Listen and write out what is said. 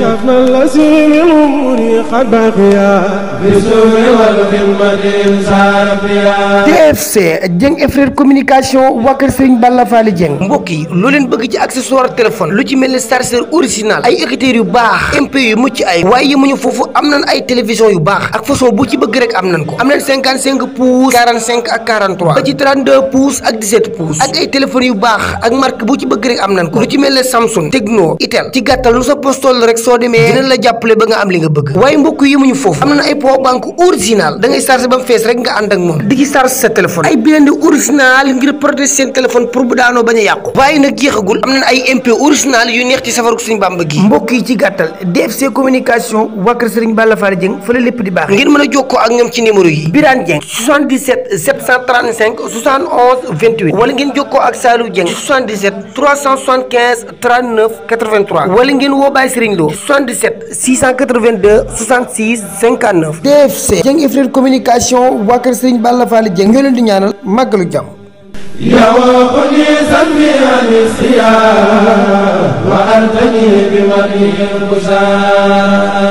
يا ابن الذين TFC Dieng et frères communication waa kër Serigne Balla Fally Dieng mbokk yi loo leen bëgg ci téléphone lu ci mel ni chargeur original ay écouteurs yu baax MP yu mucc ay waaye yemuñu foofu am nañ ay télévision yu baax ak façon bu ci bëgg rek am nañ ko am nañ 55 pouces 45 ak 43 ba ci 32 pouces ak 17 pouces ak ay yu ak marque bu ci bëgg rek am nañ ko lu ci Samsung Tecno Itel ci gàttal lu sa postol rek soo demee dinañ la ba nga am li nga bëgg waaye mbokk yi muñu foofu am na ay power bank original da ngay chargé ba mu fees rek nga ànd ak moom di ci chargé sa téléphone ay blindé original ngir protéger téléphone pour bu daanoo bañ a yàqu waaye nag jeexagul am na ay MP original yu neex ci safaruk Sëriñ Bàmba gi mbokk yi ci gàttal DFC communication wàkkar Sëriñ Balla Fara Dieng fële lépp di baax ngir mën a jokkoo ak ñoom ci numéro yi Birane Dieng 77 735 71 28 wala ngeen jokkoo ak 682 66 59. DFC. Dieng et Frères communication waa kër Serigne Balla Fall Dieng ñoo leen di ñaanal màggalu jàmm. يوافني سمي عن الصيام وألتني بمرئ البشار